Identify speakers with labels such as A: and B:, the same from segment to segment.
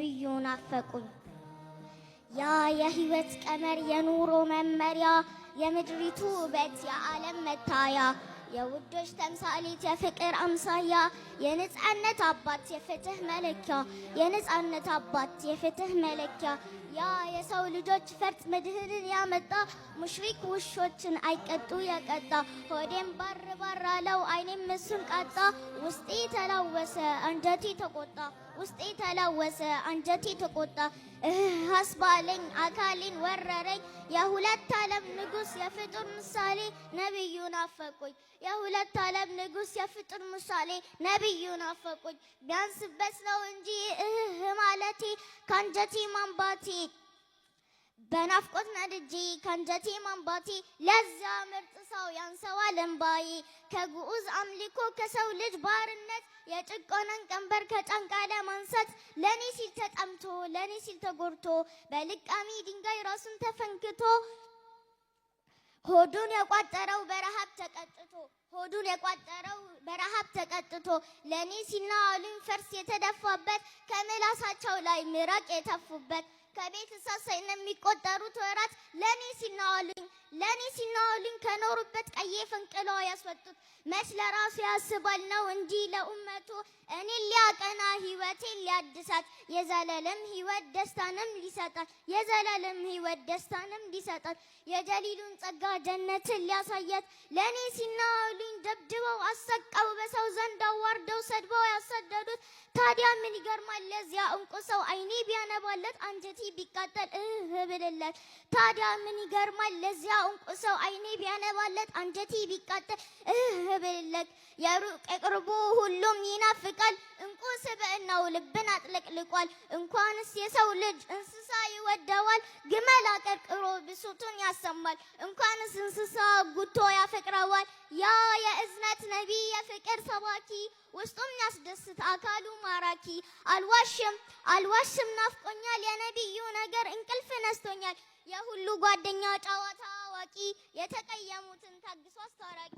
A: ነብዩን አፈቁኝ። ያ የህይወት ቀመር የኑሮ መመሪያ የምድሪቱ ውበት የዓለም መታያ የውዶች ተምሳሌት የፍቅር አምሳያ የነጻነት አባት የፍትህ መለኪያ የነጻነት አባት የፍትህ መለኪያ ያ የሰው ልጆች ፈርጥ መድህንን ያመጣ ሙሽሪክ ውሾችን አይቀጡ ያቀጣ ሆዴም ባር ባር አለው አይኔም እሱን ቃጣ ውስጤ ተላወሰ አንጀቴ ተቆጣ ውስጤ ተላወሰ፣ አንጀቴ ተቆጣ፣ እህስ አካሌን ወረረኝ። የሁለት ዓለም ንጉሥ የፍጡር ምሳሌ ነቢዩን አፈቆኝ። የሁለት ዓለም ንጉሥ የፍጡር ምሳሌ ነቢዩን አፈቆኝ። ቢያንስበት ነው እንጂ እህ ማለቴ ከአንጀቴ ማንባቴ በናፍቆት ነድጄ ከንጀቴ ማንባቴ ለዛ ምርጥ ሰው ያንሰዋል እንባዬ ከግዑዝ አምልኮ ከሰው ልጅ ባርነት የጭቆናን ቀንበር ከጫንቃ ለማንሳት ለኔ ሲል ተጠምቶ ለእኔ ሲል ተጎድቶ በልቃሚ ድንጋይ ራሱን ተፈንክቶ ሆዱን የቋጠረው በረሃብ ተቀጥቶ ሆዱን የቋጠረው በረሃብ ተቀጥቶ ለእኔ ሲና አሉኝ ፈርስ የተደፋበት ከምላሳቸው ላይ ምራቅ የተፉበት ከቤት እንስሳ የሚቆጠሩት ወራት ለኔ ሲናዋሉኝ ለኔ ሲናዋሉኝ ከኖሩበት ቀዬ ፍንቅለው ያስወጡት መች ለራሱ ያስባል ነው እንጂ ለኡመቱ እኔ ሊያቀና ህይወቴን ሊያድሳት የዘለለም ህይወት ደስታንም ሊሰጣት የዘላለም ህይወት ደስታንም ሊሰጣት የጀሊሉን ጸጋ ጀነትን ሊያሳያት ለኔ ሲናዋሉኝ ደብድበው አሰቀው በሰው ዘንድ አዋርደው ሰድበው ያሰደዱት ታዲያ ምን ይገርማል ለዚያ እንቁ ሰው አይኔ ቢያነባለት አንጀቴ ቢቃጠል እህ ብልለት። ታዲያ ምን ይገርማል ለዚያ እንቁ ሰው አይኔ ቢያነባለት አንጀቴ ቢቃጠል እህ ብልለት። የሩቅ የቅርቡ ሁሉም ይናፍቃል እንቁ ስብዕናው ልብን አጥለቅልቋል። እንኳንስ የሰው ልጅ እንስሳ ይወደዋል። ግመል አቀርቅሮ ብሶቱን ያሰማል። እንኳንስ እንስሳ ጉቶ ያፈቅረዋል ያ የእዝነት ነቢይ የፍቅር ሰባኪ ውስጡም ያስደስት አካሉ ማራኪ አልዋሽም አልዋሽም ናፍቆኛል የነቢዩ ነገር እንቅልፍ ነስቶኛል የሁሉ ጓደኛ ጨዋታ አዋቂ የተቀየሙትን ታግሶ አስታራቂ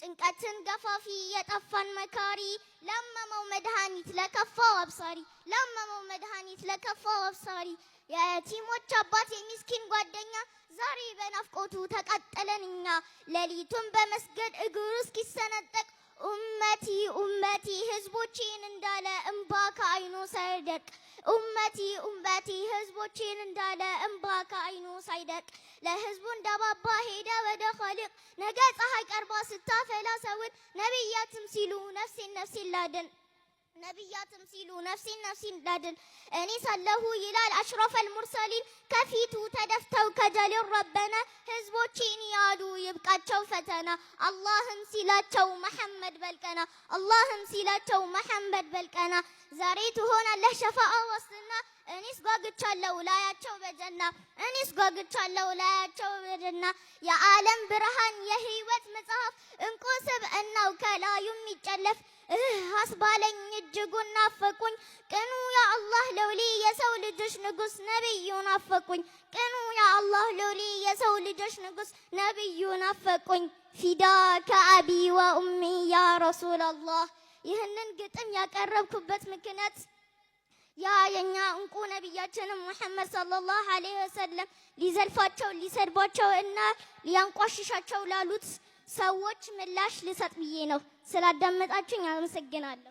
A: ጭንቀትን ገፋፊ የጠፋን መካሪ ላመመው መድኃኒት ለከፋው አብሳሪ ለመመው መድኃኒት ለከፋው አብሳሪ የቲሞች አባት የሚስኪን ጓደኛ ዛሬ በናፍቆቱ ተቃጠለን እኛ ሌሊቱን በመስገድ እግሩ እስኪሰነጠቅ ኡመቲ ኡመቲ ህዝቦቼን እንዳለ እምባ ከአይኑ ሳይደርቅ ኡመቲ ኡመቲ ህዝቦቼን እንዳለ እምባ ከአይኑ ሳይደርቅ ለህዝቡ እንዳባባ ሄደ ወደ ኸልቅ ነገ ፀሐይ ቀርባ ስታፈላ ሰውን ነቢያትም ሲሉ ነፍሴን ነፍሴን ላድን ነቢያትም ሲሉ ነፍሴን ነፍሴን ላድን እኔ ሳለሁ ይላል አሽረፈል ሙርሰሊን ከፊቱ ተደፍተው ከጀሌው ረበነ ህዝቦቼን ያሉ ይብቃቸው ፈተና አላህም ሲላቸው መሐመድ በልቀና አላህም ሲላቸው መሐመድ በልቀና ዛሬ ትሆናለህ ሸፋአ ወስልና እኔስ ጓግቻለሁ ላያቸው በጀና እኔስ ጓግቻለሁ ላያቸው በጀና የዓለም ብርሃን የህይወት መጽሐፍ እንቁ ስብዕናው ከላዩም ይጨለፍ አስባለኝ እጅጉን ናፈቁኝ ቅኑ የአላህ ለውሊ የሰው ልጆች ንጉስ ነብዩ ናፈቁኝ ቅኑ አላህ ለውሊ የሰው ልጆች ንጉስ ነብዩ ናፈቁኝ ፊዳከ አቢ ወኡሚ ያ ረሱላላህ። ይህንን ግጥም ያቀረብኩበት ምክንያት ያ የኛ እንቁ ነቢያችንም ሙሐመድ ሰለላሁ ዐለይሂ ወሰለም ሊዘልፋቸው ሊሰድባቸው እና ሊያንቋሽሻቸው ላሉት ሰዎች ምላሽ ልሰጥ ብዬ ነው። ስላዳመጣችሁኝ አመሰግናለሁ።